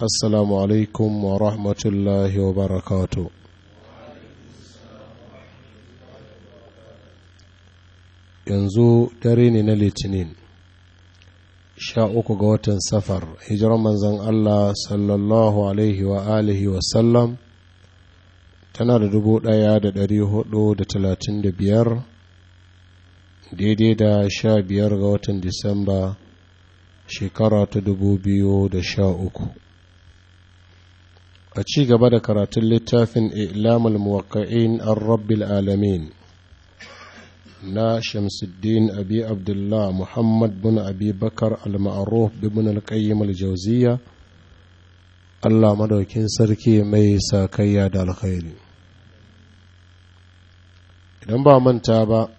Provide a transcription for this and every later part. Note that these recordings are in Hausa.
السلام عليكم ورحمة الله yanzu dare ne na litinin sha uku ga watan safar hijirar manzan Allah sallallahu alaihi wa alihi tana da dubu daya da dari hudu da talatin da biyar daidai da sha biyar ga watan disamba shekara ta dubu biyu da sha uku a ci gaba da karatun littafin ilamul muwakka'in an rabbil alamin na shamsuddin abi abdullah muhammad bin abi bakar al-ma'ruf bin al-qayyim al-jawziya allah madaukin sarki mai sakayya da alkhairi idan ba manta ba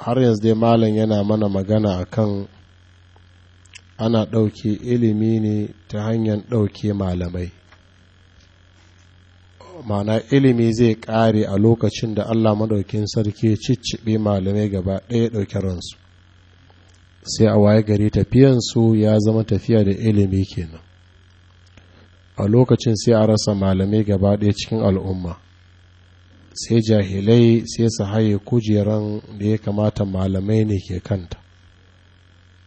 har yanzu dai malam yana mana magana akan ana ɗauke ilimi ne ta hanyar ɗauke malamai ma'ana ilimi zai ƙare a lokacin da allah maɗaukin sarki ya cicciɓe malamai gaba ɗaya ɗauki ransu sai a waye gari tafiyansu ya zama tafiya da ilimi kenan a lokacin sai a rasa malamai gaba ɗaya cikin al'umma sai jahilai sai su haye kujeran da ya kamata malamai ne ke kanta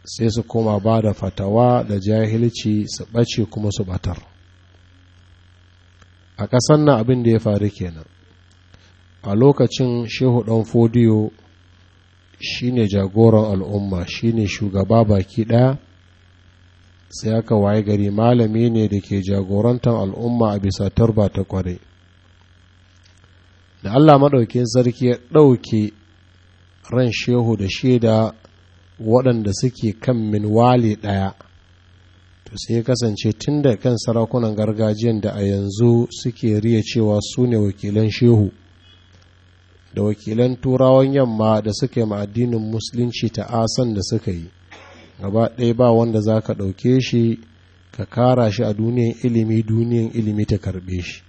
sai su koma ba da fatawa da jahilci su ɓace kuma su ɓatar a ƙasan na abin da ya faru kenan a lokacin shehu ɗan fodiyo shine jagoran al'umma shine shugaba baki ɗaya sai aka waye gari malami ne da ke jagorantar al'umma a bisa turba ta kwarai da allah maɗaukin sarki ya ɗauke ran shehu da shaida waɗanda suke kan minwali ɗaya to sai ya kasance tun da kan sarakunan gargajiyan da a yanzu suke riya cewa su ne wakilan shehu da wakilan turawan yamma da suka yi addinin musulunci ta asan da suka yi gaba ɗaya ba wanda za ka ɗauke shi ka kara shi a duniyan ilimi duniyan ilimi ta karɓe shi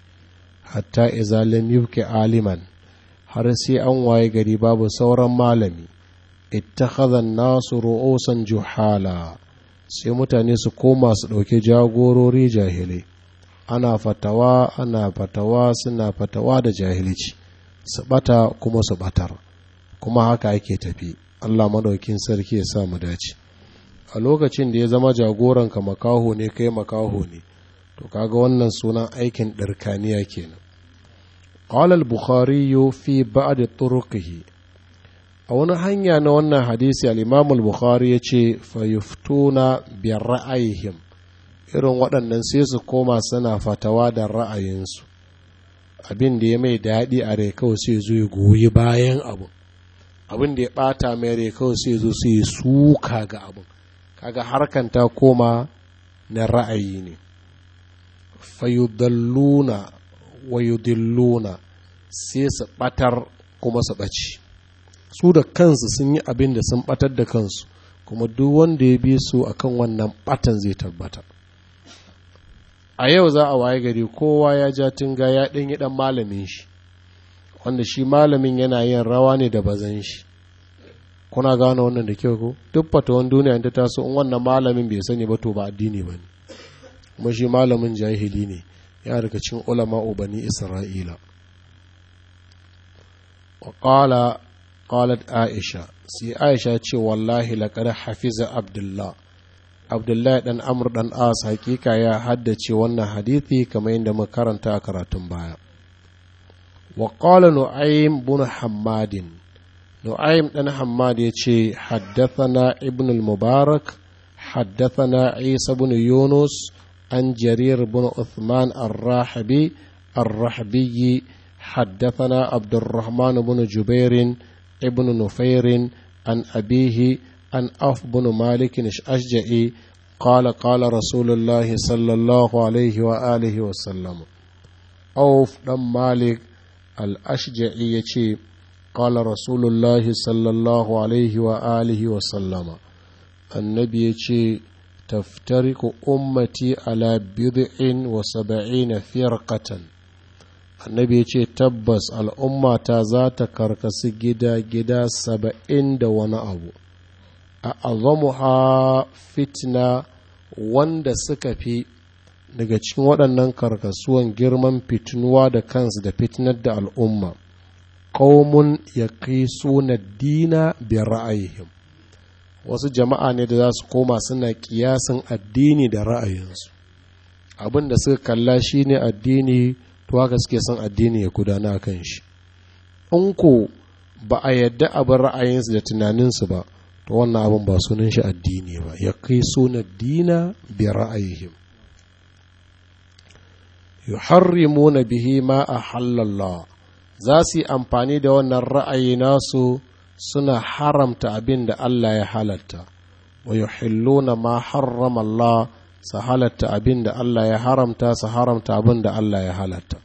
hatta izalam yuke aliman har sai an waye gari babu sauran malami ittakhadha an-nasu ru'usan juhala sai mutane su koma su ɗauki jagorori jahilai ana fatawa ana fatawa suna fatawa da jahilici. su ɓata kuma su ɓatar kuma haka ake tafi allah maɗaukin sarki ya sa mu dace a lokacin da ya zama jagoranka makaho ne kai makaho ne to kaga wannan sunan aikin ɗarkaniya kenan قال البخاري في بعض طرقه a wani hanya na wannan hadisi al al-bukhari ya ce fayuftuna biyar ra'ayihim irin waɗannan sai su koma suna fatawa da ra'ayinsu abin da ya mai daɗi a rai kawai sai zo ya goyi bayan abu abin da ya ɓata mai rai kawai sai zo sai suka ga abu kaga harkan ta koma na ra'ayi ne fayudalluna wa sai su ɓatar kuma su ɓaci su da kansu sun yi abin da sun batar da kansu kuma duk wanda ya bi su akan wannan batan zai tabbata a yau za a waye gari kowa ya ja tunga ya ɗanyi ɗan malamin shi wanda shi malamin yana yin rawa ne da bazan shi kuna gane wannan da kyau ko duk fatawan duniya ta taso in wannan malamin bai sani ba to ba addini ba ne kuma shi malamin jahili ne ya daga cikin ulama bani isra'ila wa qalat aisha sai aisha ce wallahi laqad hafiza abdullah abdullahi ɗan amr dan as hakika ya haddace wannan hadithi kamar yadda muka karanta a karatun baya wa qala nu'aym bin hammadin nu'aym dan hammad yace haddathana ibn al-mubarak haddathana isa bin yunus an jarir bin uthman ar-rahibi ar-rahbi حدثنا عبد ibn nufairin an abihi an af bin malikin ashja'i قال قال رسول الله صلى الله عليه وآله وسلم أوف دم مالك الأشجعي يشي قال رسول الله صلى الله عليه وآله وسلم النبي يشي تفترق أمتي على بضع وسبعين فرقة annabi ya ce tabbas al'ummata za ta karkasi gida-gida saba'in da wani abu a ha fitna wanda suka fi daga cikin waɗannan karkasuwan girman fitinuwa da kansu da fitinar da al'umma ƙaumun ya kai suna dina bi ra'ayihim wasu jama'a ne da za su koma suna ƙiyasin addini da ra'ayinsu abin da suka kalla shi ne addini to haka suke son addini ya gudana kan shi in ko ba a yadda abin ra'ayinsu da tunaninsu ba to wannan abin ba sunan shi addini ba ya kai sunan dina bi ra'ayihim yuharrimuna bihi ma a za su yi amfani da wannan ra'ayi nasu suna haramta abin da Allah ya halatta wa yuhilluna ma harrama su halatta abin da Allah ya haramta su haramta abin da Allah ya halatta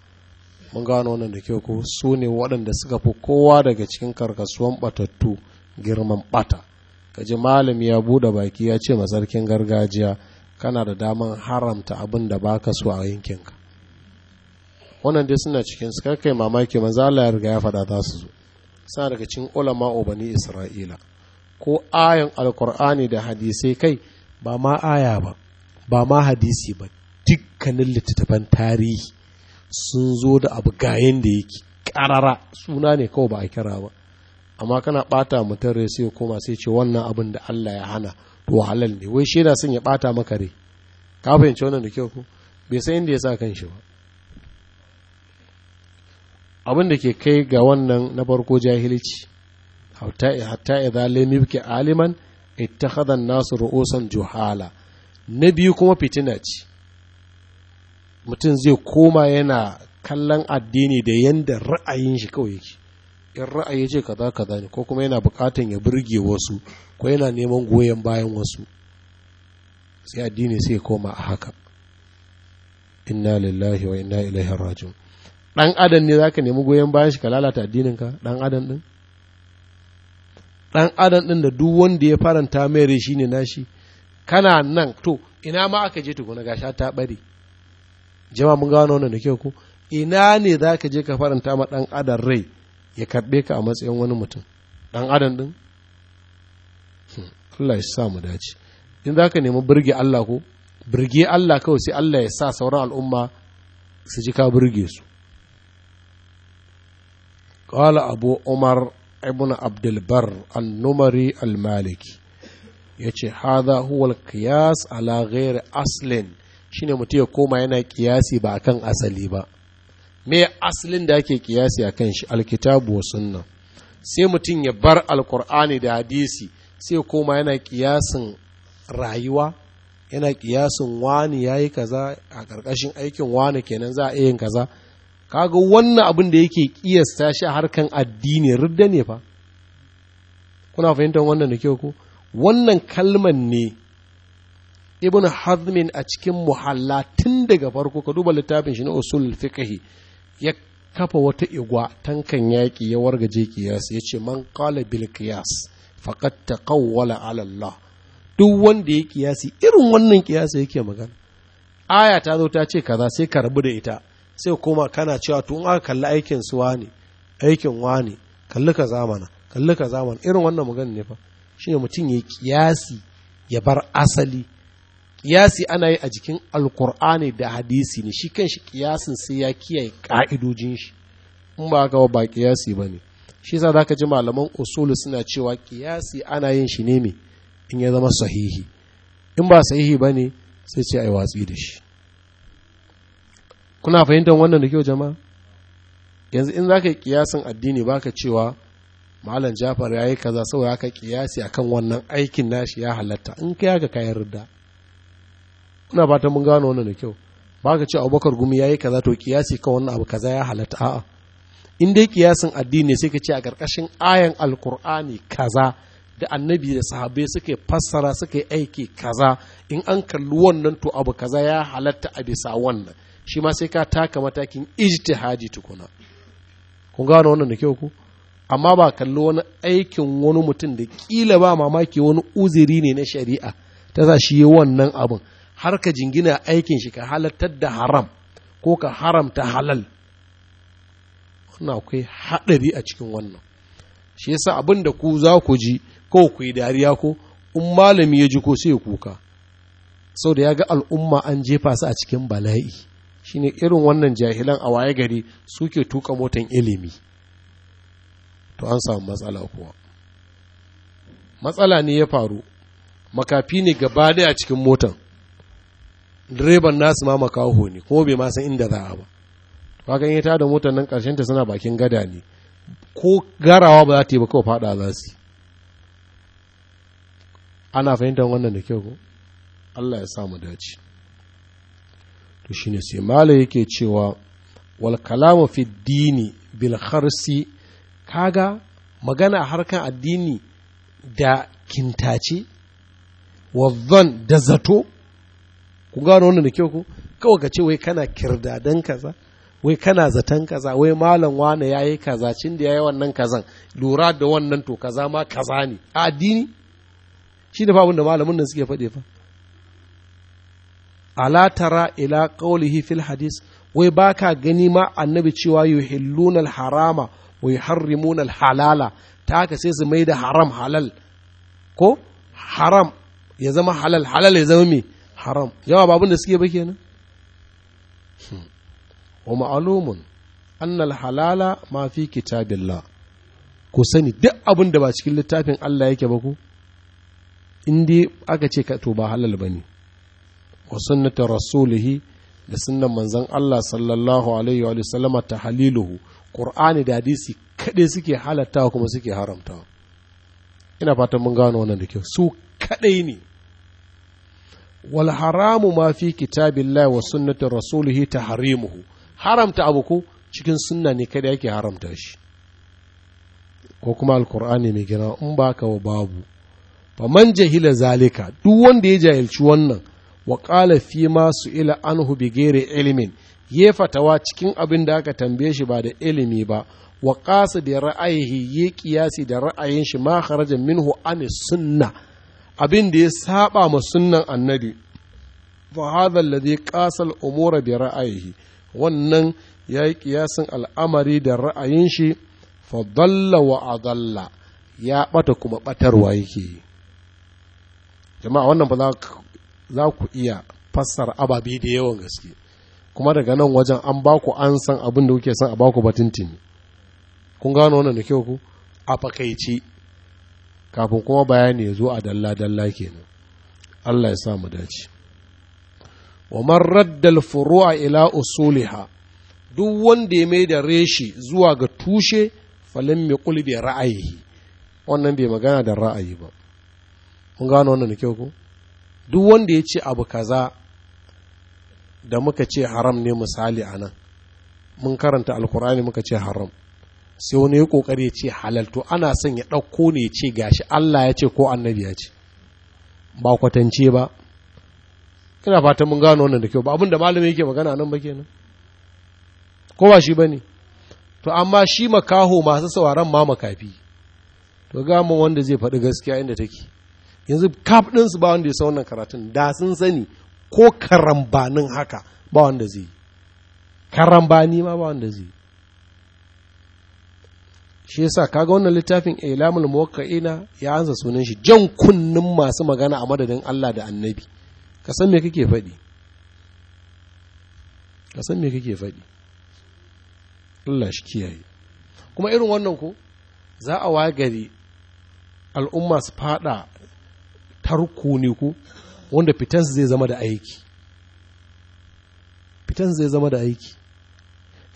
mun gano wannan da kyau ko su ne waɗanda suka fi kowa daga cikin karkasuwan batattu girman bata kaji malam ya bude baki ya ce masarkin gargajiya kana da daman haramta abin da baka so a yankinka wannan dai suna cikin su kai mamaki manzo Allah ya riga ya faɗa za su zo suna daga cikin ulama bani Isra'ila ko ayan alkur'ani da hadisai kai ba ma aya ba ba ma hadisi ba dukkanin littattafan tarihi sun zo da abu gayen da yake karara suna ne kawai ba a kira ba amma kana bata mutum rai sai koma sai ce wannan abin da Allah ya hana to halal ne wai shaida sun ya bata maka rai ka fahimci wannan da kyau ko bai san inda ya sa kan shi ba abin da ke kai ga wannan na farko jahilci hatta idza lam yubki aliman ittakhadha an-nasu ru'usan juhala na biyu kuma fitina ce mutum zai koma yana kallon addini da yadda ra'ayin shi kawai yake in ra'ayi ce kaza kaza ne ko kuma yana bukatan ya burge wasu ko yana neman goyon bayan wasu sai addini sai koma a haka inna lillahi wa inna ilaihi raji'un dan adam ne zaka nemi goyon bayan shi ka lalata addinin ka dan adam din dan adam din da duk wanda ya faranta mai rai shine nashi kana nan to ina ma aka je tukuna gasha ta bare jama'a mun gano wannan da kyau ko ina ne za ka je ka faranta ma dan adam rai ya karɓe ka a matsayin wani mutum dan adam din. Hmm, Allah ya sa mu dace in za ka nemi birge Allah ko birge Allah kawai sai Allah ya sa sauran al'umma su ji ka birge su قال أبو عمر ابن عبد البر النمري المالكي ya ce haza huwal kiyas ala ghairi aslin shine mutum ya koma yana kiyasi ba akan asali ba me asalin da ake kiyasi akan shi alkitabu wa sunna sai mutum ya bar alkur'ani da hadisi sai koma yana kiyasin rayuwa yana kiyasin wani ya yi kaza a ƙarƙashin aikin wani kenan za a iya yin kaza kaga wannan abin da yake kiyasta shi a harkan addini ridda ne fa kuna fahimtar wannan da kyau ko wannan kalman ne ibn hazmin a cikin muhalla tun daga farko ka duba littafin shi na usul fiqhi ya kafa wata igwa tankan yaƙi ya wargaje kiyas ya ce man qala bil qiyas faqad taqawwala ala Allah duk wanda ya kiyasi irin wannan kiyasi yake magana aya ta zo ta ce kaza sai ka rabu da ita sai kuma kana cewa in aka kalli aikin su wani aikin wani kalli ka zamana kalli ka zamana irin wannan magana ne fa ne mutum ya kiyasi ya bar asali kiyasi ana yi a jikin alkur'ani da hadisi ne shi kanshi kiyasin sai ya kiyaye ka'idojin shi in ba haka ba kiyasi ba ne shi sa za ka ji malaman usulu suna cewa kiyasi ana yin shi ne in ya zama sahihi in ba sahihi ba ne sai ce yi watsi da shi kuna fahimtar wannan da kyau jama'a yanzu in za ka yi kiyasin addini ba ka cewa malam jafar ya yi kaza saboda aka kiyasi akan wannan aikin nashi ya halatta in ka yaga kayan rida ina ba ta mun gano wannan da kyau ba ka ce abubakar gumi ya yi kaza to kiyasi kan wannan abu kaza ya halatta a'a in dai kiyasin addini sai ka ce a ƙarƙashin ayan alkur'ani kaza da annabi da sahabe suke fassara suke aiki kaza in an kalli wannan to abu kaza ya halatta a bisa wannan shi ma sai ka taka matakin ijtihadi tukuna kun gano wannan da kyau ku amma ba kalli wani aikin wani mutum da kila ba mamaki wani uziri ne na shari'a ta za shi wannan abin har ka jingina aikin shi ka halattar da haram ko ka haramta halal wannan akwai haɗari a cikin wannan shi yasa abin da ku za ku ji ko ku yi dariya ko in malami ya ji ko sai kuka sau da ya ga al'umma an jefa su a cikin bala'i shine irin wannan jahilan a waye gari suke tuka motan ilimi to an samu matsala kuwa matsala ne ya faru makafi ne gaba daya a cikin motan direban nasu ma makaho ne kuma bai ma san inda za a ba kaga in ta da motan nan karshen ta suna bakin gada ne ko garawa ba za ta yi ba kawai fada za su ana fahimtar wannan da kyau ko Allah ya samu dace to shine sai mala yake cewa wal kalamu fi dini bil kharsi kaga magana a harkar addini da kintace wazzan da zato ku gano wannan da kyau ku kawai ka ce wai kana kirdadan kaza wai kana zaton kaza wai malam wane ya yi kaza cin da ya yi wannan kazan lura da wannan to kaza ma kaza ne a addini shi ne fabin da malamin nan suke faɗe fa ala tara ila qawlihi fil hadis wai baka gani ma annabi cewa yuhilluna al harama wa yuharrimuna halala ta haka sai su mai da haram halal ko haram ya zama halal halal ya zama me haram yawa babun da suke ba kenan wa ma'alumun annal halala ma fi kitabillah ku sani duk abin ba cikin littafin Allah yake ba ku in dai aka ce ka to ba halal bane wa sunnata rasulihi da sunnan manzon Allah sallallahu alaihi wa sallama tahliluhu ƙur'ani da hadisi kaɗai suke halattawa kuma suke haramtawa ina fatan mun gano wannan da kyau su kaɗai ne wal haramu ma fi kitabillahi wa ta ta harimuhu haramta abu ko cikin sunna ne kaɗai ake haramta shi ko kuma Alƙur'ani mai gina in ba ka wa babu fa man jahila zalika duk wanda ya jahilci wannan wa qala fi ma su'ila anhu bi ghairi ilmin ya fatawa cikin abin da aka tambaye shi ba da ilimi ba wa ƙasa da ra'ayihi ya ƙiyasi da ra'ayin shi ma kharaja minhu an sunna abin da ya saba ma sunnan annabi fa hadha alladhi qasa al-umura bi ra'ayihi wannan yayi kiyasin al'amari da ra'ayin shi fa dalla wa adalla ya bata kuma batarwa yake jama'a wannan ba za ku iya fassara ababe da yawan gaske kuma daga nan wajen an ba ku an san abin da kuke san a ba ku tini kun gano wannan da kyau ku a fakaici kafin kuma bayani ya zo a dalla-dalla kenan Allah ya sa mu dace wa man raddal furu'a ila usuliha duk wanda ya mai da reshi zuwa ga tushe falin mai kulbe ra'ayi wannan bai magana da ra'ayi ba Kun gano wannan da kyau ku? duk wanda ya ce abu kaza da muka ce haram ne misali a nan mun karanta alkur'ani muka ce haram sai wani ya kokari ya ce halal to ana son ya ɗauko ne ya ce gashi Allah ya ce ko annabi ya ce ba kwatance ba ina fatan mun gano wannan da kyau ba abin da malami yake magana nan ba kenan ko ba shi bane to amma shi makaho masu sauraron ma makafi to ga mu wanda zai faɗi gaskiya inda take yanzu kaf ɗinsu ba wanda ya sa wannan karatun da sun sani ko karambanin haka ba wanda zai karambani ma ba wanda zai shi yasa kaga wannan littafin ilamul muwakkaina ya ansa sunan shi jan kunnin masu magana a madadin Allah da annabi ka san me kake faɗi ka san me kake faɗi Allah shi kiyaye kuma irin wannan ko za a wagari al'umma su fada tarko ne ko wanda fitan zai zama da aiki fitan zai zama da aiki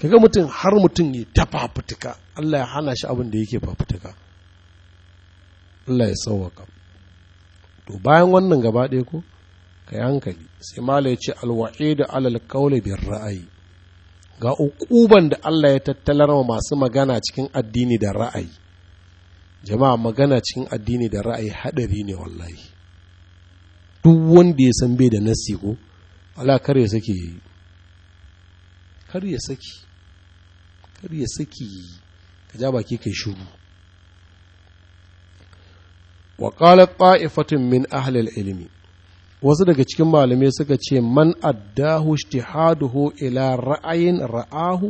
kaga mutum har mutum ya ta fafutuka Allah ya hana shi abin da yake fafutuka Allah ya sauwaka to bayan wannan gaba ɗaya ko ka yi hankali sai mala ya ce alwa'i da alal kaule bin ra'ayi ga ukuban da Allah ya tattalar wa masu magana cikin addini da ra'ayi jama'a magana cikin addini da ra'ayi haɗari ne wallahi duk wanda ya san bai da nasi ko Allah kar ya saki kar ya saki kar ya saki ka ja baki kai shiru wa qala qa'ifatun min ahli al-ilmi wasu daga cikin malamai suka ce man addahu ijtihaduhu ila ra'ayin ra'ahu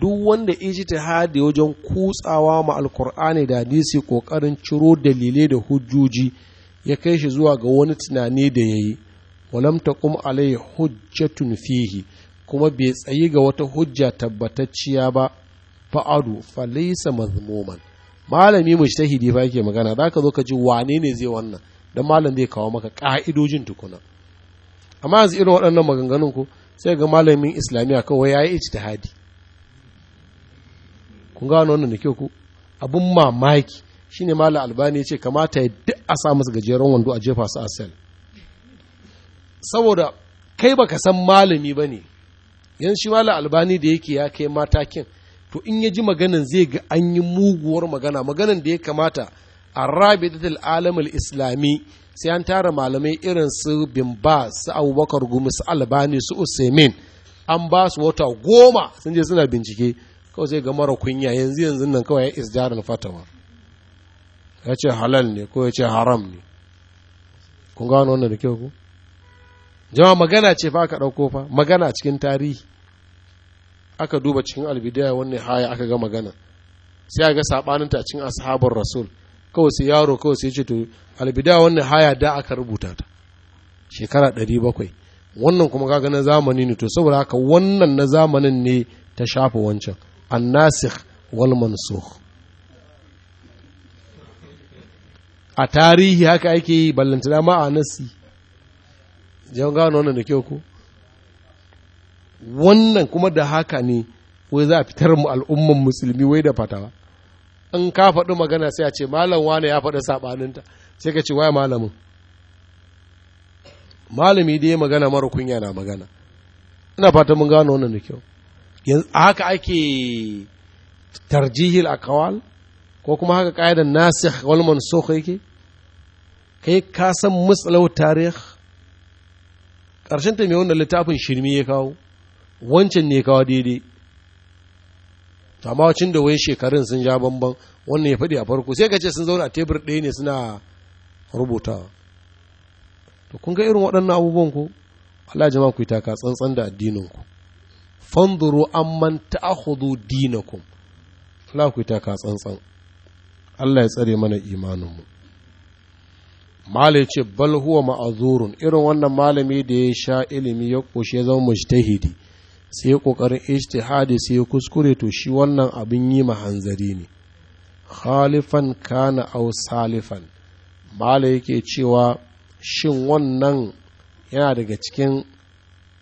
duk wanda ijtihadi wajen kutsawa ma alkur'ani da hadisi kokarin ciro dalilai da hujjoji ya kai shi zuwa ga wani tunani da ya yi walam kuma alayhi hujjatun fihi kuma bai tsayi ga wata hujja tabbatacciya ba fa'adu falisa mazmuman malami da fa yake magana zaka zo ka ji wane ne zai wannan dan malam zai kawo maka ka'idojin tukuna amma yanzu irin waɗannan maganganun ku sai ga malamin islamiyya kawai ya yayi ijtihadi kun gano wannan da kyau ku abin mamaki shine mala albani ya ce kamata ya duk a sa musu gajeren wando a jefa su a saboda kai baka san malami ba ne yan shi mala albani da yake ya kai matakin to in ya ji maganan zai ga an yi muguwar magana maganan da ya kamata a Rabi rabidatul alamul islami sai an tara malamai irin su bimba su abubakar gumi su albani su usaimin an ba su wata goma sun je suna bincike kawai sai ga mara kunya yanzu yanzu nan kawai ya isjarar fatawa ya ce halal ne ko ya ce haram ne kun gano wannan da kyau ku jama magana ce fa aka ɗauko fa magana cikin tarihi aka duba cikin albidaya wannan haya aka ga magana sai aka ga sabanin ta cikin ashabar rasul kawai sai yaro kawai sai ce to albidaya wannan haya da aka rubuta ta shekara 700 wannan kuma kaga na zamani ne to saboda haka wannan na zamanin ne ta shafa wancan annasikh wal mansukh a tarihi haka ake yi ballantana ma a nasi jan gano wannan da kyau ko wannan kuma da haka ne wai za a fitar mu al'umman musulmi wai da fatawa in ka faɗi magana sai a ce malam wane ya faɗi saɓaninta sai ka ce waye malamin malami dai magana mara kunya na magana ina fata mun gano wannan da kyau yanzu haka ake tarjihil akawal ko kuma haka ƙa'idar nasir walman mansukh yake kai ka san matsalau tarih ƙarshen ta mai wannan littafin shirmi ya kawo wancan ne kawo daidai amma wacin da wani shekarun sun ja bamban wannan ya faɗi a farko sai ka ce sun zauna a tebur ɗaya ne suna rubutawa to kun ga irin waɗannan abubuwan ku Allah jama ku yi taka tsantsan da addinin ku manta amman ta'khudhu dinakum Allah ku yi taka tsantsan Allah ya tsare mana imaninmu ya ce bal huwa ma'azurun irin wannan malami da ya sha ilimi ya ƙoshe ya zama mujtahidi sai ya ƙoƙarin ijtihadi sai ya kuskure to shi wannan abin yi ma hanzari ne khalifan kana au salifan malai yake cewa shin wannan yana daga cikin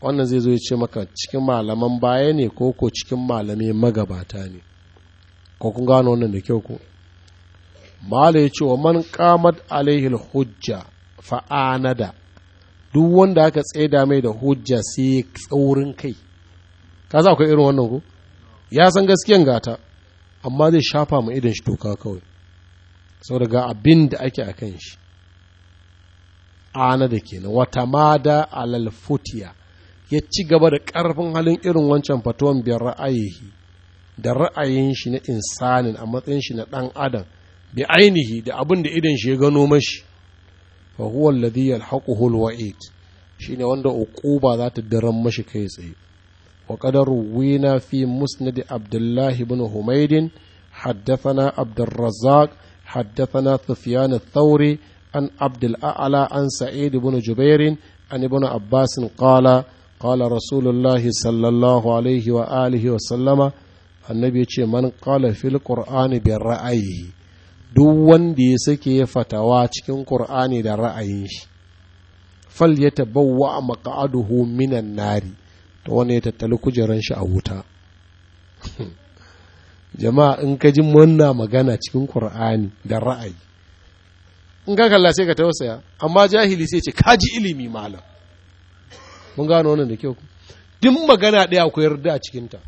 wannan zai zo ya ce maka cikin malaman baya ne ko ko cikin malamai magabata ne ko kun gano wannan da kyau ko mala ya ce wa man qamat alaihi hujja fa'anada duk wanda aka tsaida mai da hujja sai tsaurin kai ka za ku irin wannan ko ya san gaskiyan gata amma zai shafa ma idan shi toka kawai sau daga abin da ake a kan shi Anada kenan wata mada alal futiya ya ci gaba da ƙarfin halin irin wancan fatuwan biyar ra'ayi da ra'ayin shi na insanin a matsayin shi na ɗan adam bi ainihi da abin da idan shi ya gano mashi fa huwa alladhi yalhaquhu alwa'id shine wanda uquba za ta daren mashi kai tsaye wa qadar wina fi musnad abdullah ibn humayd haddathana abdurrazzaq haddathana sufyan ath an abd al-a'la an sa'id ibn jubair an ibn abbas qala قال رسول الله صلى الله عليه وآله وسلم النبي يقول من قال في القرآن برأيه duk wanda ya sake ya fatawa cikin ƙur'ani da ra'ayin shi fal ya a maqa'aduhu minan nari Ta wani ya tattali kujeran shi a wuta jama'a in ka ji wannan magana cikin ƙur'ani da ra'ayi in ka kalla sai ka tausaya amma jahili sai ce kaji ilimi malam mun gano wannan da kyau duk magana ɗaya akwai yarda a cikinta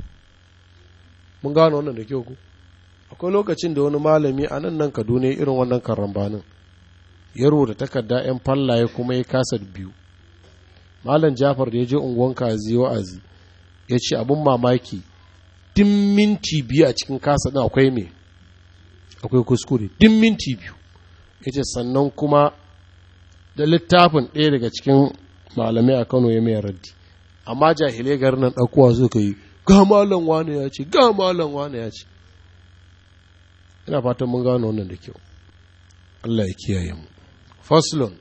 mun gano wannan da kyau ku akwai lokacin da wani malami a nan nan kaduna irin wannan karambanin ya da takarda 'yan fallaye kuma ya kasa biyu malam jafar da ya je unguwan kazi wa'azi ya ce abin mamaki din minti biyu a cikin kasa akwai me akwai kuskure din minti biyu ya ce sannan kuma da littafin ɗaya daga cikin malamai a kano ya mai raddi amma jahilai garin nan ɗaukowa ka yi ga malam wane ya ce ga malam wane ya ce ina fatan mun gano wannan da kyau Allah ya kiyaye mu faslun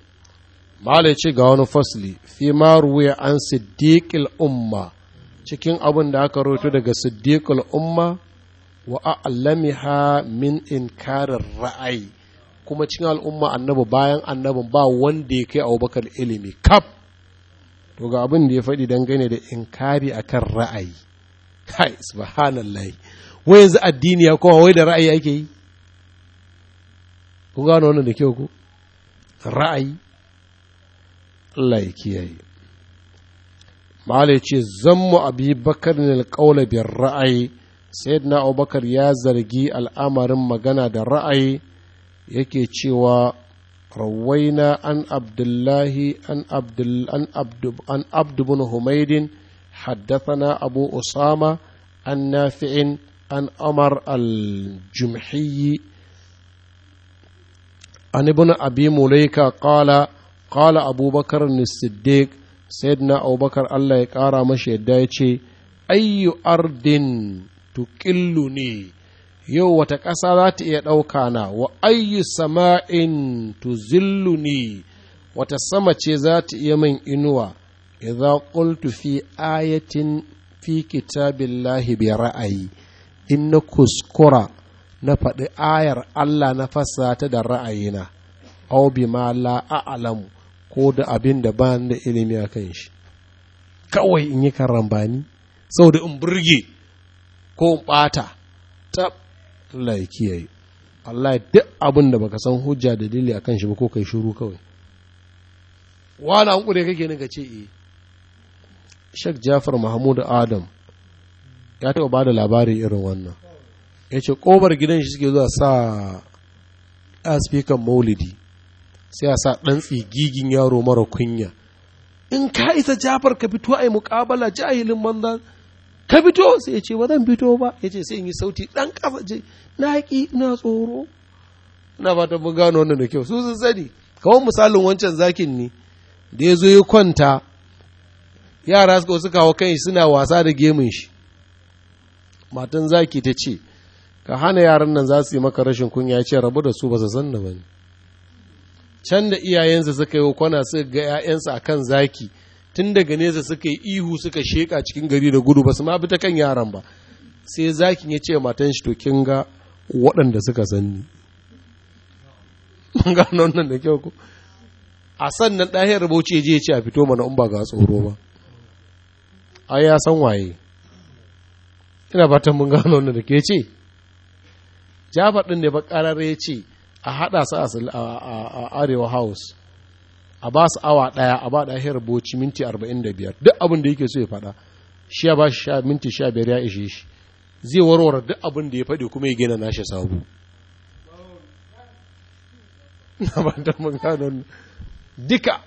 malai ce ga wani fasli fi ma ruwaya an siddiqil umma cikin abin da aka roto daga siddiqil umma wa a'lamiha min inkarir ra'ayi kuma cikin al'umma annabi bayan annabin ba wanda ya kai Abubakar ilimi kaf to ga abin da ya faɗi dangane da inkari akan ra'ayi kai subhanallahi wai yanzu addini ya kowa wai da ra'ayi ake yi kun gano wannan da kyau ku ra'ayi Allah ya kiyaye malai ce zammu abi bakar ne alƙaula biyar ra'ayi sayyidina abubakar ya zargi al'amarin magana da ra'ayi yake cewa rawaina an abdullahi an abdu an abdu an abdu bin humaidin حدثنا أبو أسامة عن نافع عن أمر الجمحي عن ابن أبي مليكة قال قال أبو بكر الصديق سيدنا أبو بكر الله يقارى مشي دايتشي أي أرض تكلني يو وتكسرات ƙasa وأي سماء تزلني وتسمى na يمن ayyu idza qultu fi ayatin fi kitabillahi bi ra'ayi in na kuskura na faɗi ayar Allah na fasa ta da ra'ayi na bima la a'lamu ko da abin da ba da ilimi a shi kawai in yi karambani saboda in burge ko in ɓata ta Allah ya kiyaye Allah duk abin baka san hujja da dalili akan shi ba ko kai shiru kawai wani an kure kake ne ka ce eh Sheikh jafar mahmud adam ya taɓa ba da labari irin wannan ya ce ƙobar gidan shi suke zuwa sa a spikan maulidi sai a sa ɗan tsigigin yaro mara kunya in ka isa jafar ka fito a yi muƙabala jahilin banza ka fito sai ya ce ba zan fito ba ya ce sai yi sauti ɗan ƙasa je, na ƙi na tsoro ina fatan mun gano wannan da kyau su sun sani kamar misalin wancan zakin ne da ya zo ya kwanta yara suka wasu hau kai suna wasa da gemun shi matan zaki ta ce ka hana yaran nan za su yi maka rashin kunya ya ce rabu da su ba su san da ba ne can da iyayensa suka yi kwana suka ga 'ya'yansa kan zaki tun daga nesa suka yi ihu suka sheka cikin gari da gudu ba su ma bi ta kan yaran ba sai zakin ya ce matan shi to kin ga waɗanda suka sanni mun gano nan da kyau ko a sannan ɗahiyar bauchi ya je ya ce a fito mana in ba ga tsoro ba ai ya san waye ina fatan mun gano wannan da ke ce jafar ɗin da ba ƙararra ya ce a haɗa su a arewa house a ba su awa ɗaya a ba da hiyar boci minti arba'in da biyar duk abin da yake so ya faɗa shi ya ba shi minti 15 ya ishe shi zai warware duk abin da ya faɗi kuma ya gina nashi sabu na ba ta mun gano duka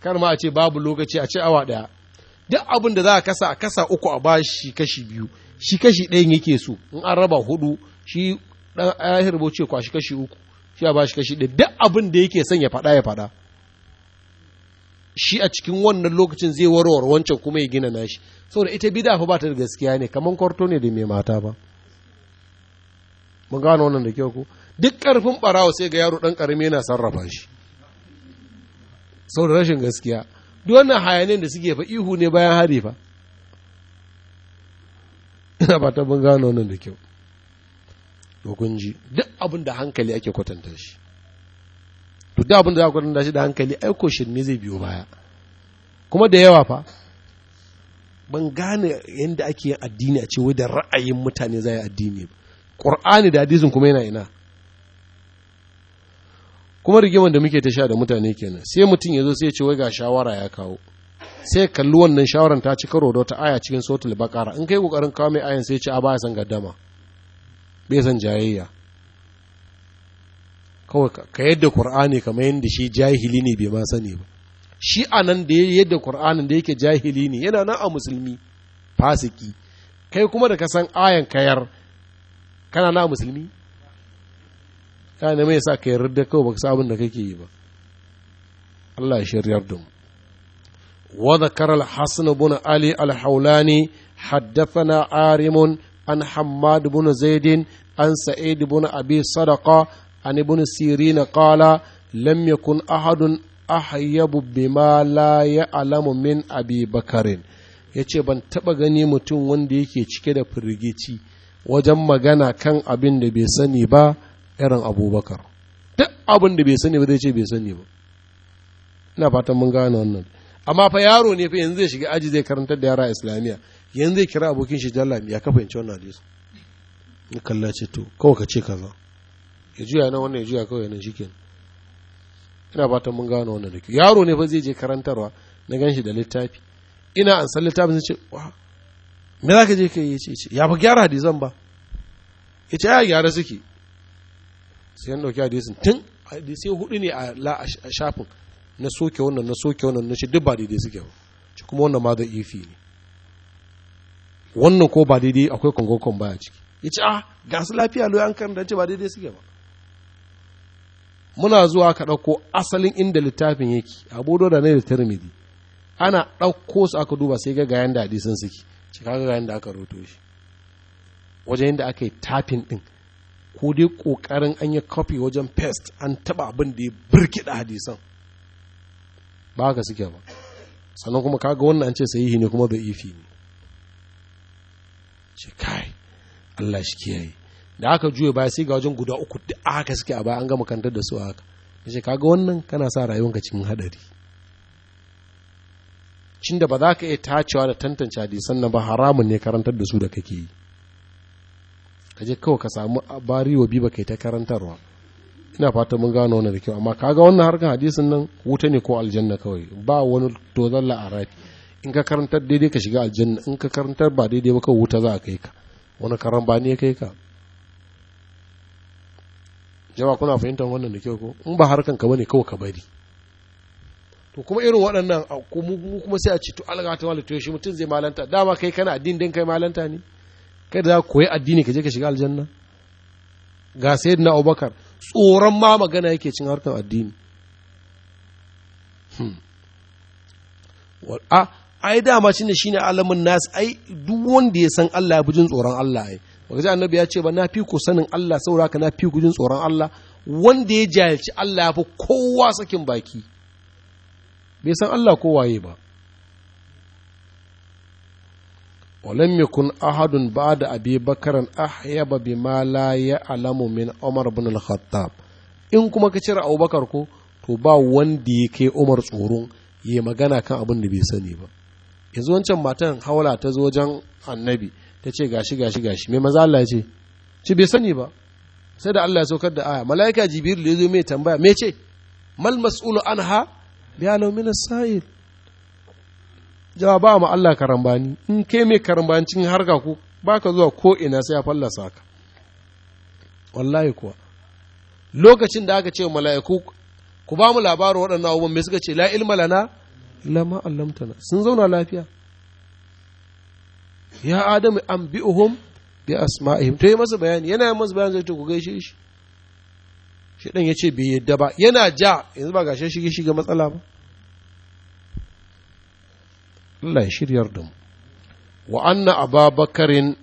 kar ma a ce babu lokaci a ce awa ɗaya duk abin da za a kasa a kasa uku a bashi kashi biyu shi kashi ɗayan yake so in an raba hudu shi ɗan ya rubuce kwashi kashi uku shi a bashi kashi ɗaya duk abin da yake son ya faɗa ya faɗa shi a cikin wannan lokacin zai warware wancan kuma ya gina nashi saboda ita bida fa ba ta da gaskiya ne kamar kwarto ne da mai mata ba mun gano wannan da kyau ko duk karfin barawa sai ga yaro dan karami yana sarrafa shi saboda rashin gaskiya Dona hayanin da suke fa ihu ne bayan hari fa. Ina ba ta mun gano nan da kyau. ji duk abin da hankali ake kwatanta shi. To duk abin da za kwatanta shi da hankali aiko shin ne zai biyo baya. Kuma da yawa fa, ban gane yadda ake yin addini a ce wai da ra'ayin mutane za yi addini ba. Ƙur'ani da hadisin kuma yana ina. kuma rigimar da muke ta sha da mutane kenan sai mutum ya zo sai ya ce wai ga shawara ya kawo sai kalli wannan shawaran ta ci karo da wata aya cikin sotul bakara in kai kokarin kawo mai ayan sai ce a baya san gaddama bai san jayayya kawai ka yadda qur'ani kamar yadda shi jahili ne bai ma sani ba shi anan da yadda qur'anin da yake jahili ne yana nan a musulmi fasiki kai kuma da ka san ayan kayar kana na musulmi kai ne mai sa ka yarda kawai baka san abin da kake yi ba Allah ya shiryar da mu wa zakara al-hasan ibn ali al-hawlani haddathana arimun an hammad ibn zaid an sa'id ibn abi sadaqa an ibn sirin qala lam yakun ahadun ahyabu bima la ya'lamu min abi bakarin yace ban taɓa gani mutum wanda yake cike da firgici wajen magana kan abin da bai sani ba irin abubakar duk abin da bai sani ba zai ce bai sani ba ina fatan mun gane wannan amma fa yaro ne fa yanzu zai shiga aji zai karantar da yara islamiyya yanzu zai kira abokin shi jallami ya kafa yanci wannan hadisi ya kalla ce to kawai ka ce kaza ya juya nan wannan ya juya kawai nan shikenan ina fatan mun gane wannan da yaro ne fa zai je karantarwa na gan shi da littafi ina an san littafin zai ce wa me za ka je kai ya ce ya ba gyara hadisan ba ya ce ya gyara suke sai an dauki hadisin tun hadisai hudu ne a shafin na soke wannan na soke wannan na shi duk ba daidai suke ba shi kuma wannan ma zai ifi ne wannan ko ba daidai akwai kongokon baya ciki ya ce ah ga su lafiya loya an karanta dace ba daidai suke ba muna zuwa ka ɗauko asalin inda littafin yake abu da na da tirmidhi ana ɗauko su aka duba sai ga ga yanda hadisin suke cika ga yanda aka roto shi wajen yanda aka yi tafin ɗin ko dai ƙoƙarin an yi copy wajen pest an taɓa abin da ya birkiɗa hadisan ba haka suke ba sannan kuma kaga wannan an ce sahihi ne kuma da ifi ne shi kai Allah shi kiyaye da aka juye baya sai ga wajen guda uku da aka suke a baya an gama kantar da su a haka shi kaga wannan kana sa rayuwanka cikin hadari cin da ba za ka iya tacewa da tantance hadisan nan ba haramun ne karantar da su da kake yi ka je kawai ka samu wa bi baka yi ta karantarwa ina fata mun gano wannan da kyau amma kaga wannan harkar hadisin nan wuta ne ko aljanna kawai ba wani tozon la'arafi in ka karantar daidai ka shiga aljanna in ka karantar ba daidai ba kawai wuta za a kai ka wani karan ba ne ya kai ka jama kuna fahimtar wannan da kyau ko in ba harkan ka bane kawai ka bari to kuma irin waɗannan mu kuma sai a ce to alga ta wani to shi mutum zai malanta dama kai kana addinin kai malanta ne kai da za koyi addini ka je ka shiga aljanna ga na abubakar tsoron ma magana yake cin harkar addini hmm. a ai dama shine shine alamin nas ai duk wanda ya san Allah ya bujin jin tsoron Allah ai baka ji annabi ya ce ba na fi ku sanin Allah saboda ka na fi ku jin tsoron Allah wanda ya jahilci Allah ya fi kowa sakin baki bai san Allah ko waye ba ولم يكن أحد بعد أبي بكر أحيب بما لا يعلم من عمر بن الخطاب in kuma ka cire abubakar ko to ba wanda ya kai umar tsoron ya magana kan abin da bai sani ba yanzu wancan matan haula ta zo wajen annabi ta ce gashi gashi gashi mai maza Allah ce ci bai sani ba sai da Allah ya saukar da aya mala'ika jibril ya zo mai tambaya me ce mal mas'ulu anha bi alamin sa'il jawa ba mu Allah karambani in kai mai karambancin harka ba baka zuwa ko ina sai ya fallasa ka wallahi kuwa lokacin da aka ce mala'iku ku ba mu labarin waɗannan abubuwan mai suka ce la ilma lana lama allamtana sun zauna lafiya ya adamu an bi'uhum bi asma'ihim to yi masa bayani yana yi masa bayani zai to ku gaishe shi shi ya ce bai yadda ba yana ja yanzu ba gashe shige shige matsala ba Allah ya shiryar da mu wa anna ababakarin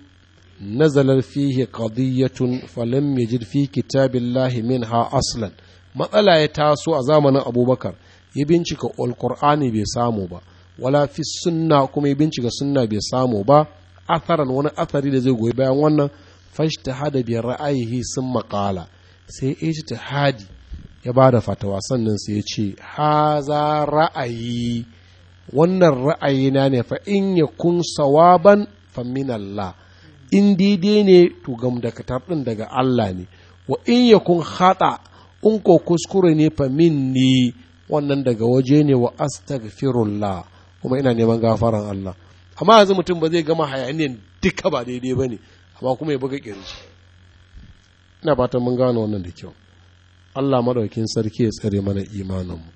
nazalar fihi qadiyyatun falam yajid fi kitabillahi minha aslan matsala ya taso a zamanin abubakar ya bincika alkur'ani bai samu ba wala fi sunna kuma ya bincika sunna bai samu ba atharan wani athari da zai goyi bayan wannan hada bi ra'ayihi sun maƙala sai ijtihadi ya ba da fatawa sannan sai ya ce haza ra'ayi wannan ra'ayina ne fa in ya kun sawaban fa min Allah in daidai ne to gamdakatar ɗin daga Allah ne wa in ya kun haɗa in ko kuskure ne fa min ni wannan daga waje ne wa astaghfirullah kuma ina neman gafaran Allah amma yanzu mutum ba zai gama hayaniyan duka ba daidai ba ne amma kuma ya buga kirji ina fatan mun gano wannan da kyau Allah madaukin sarki ya tsare mana imaninmu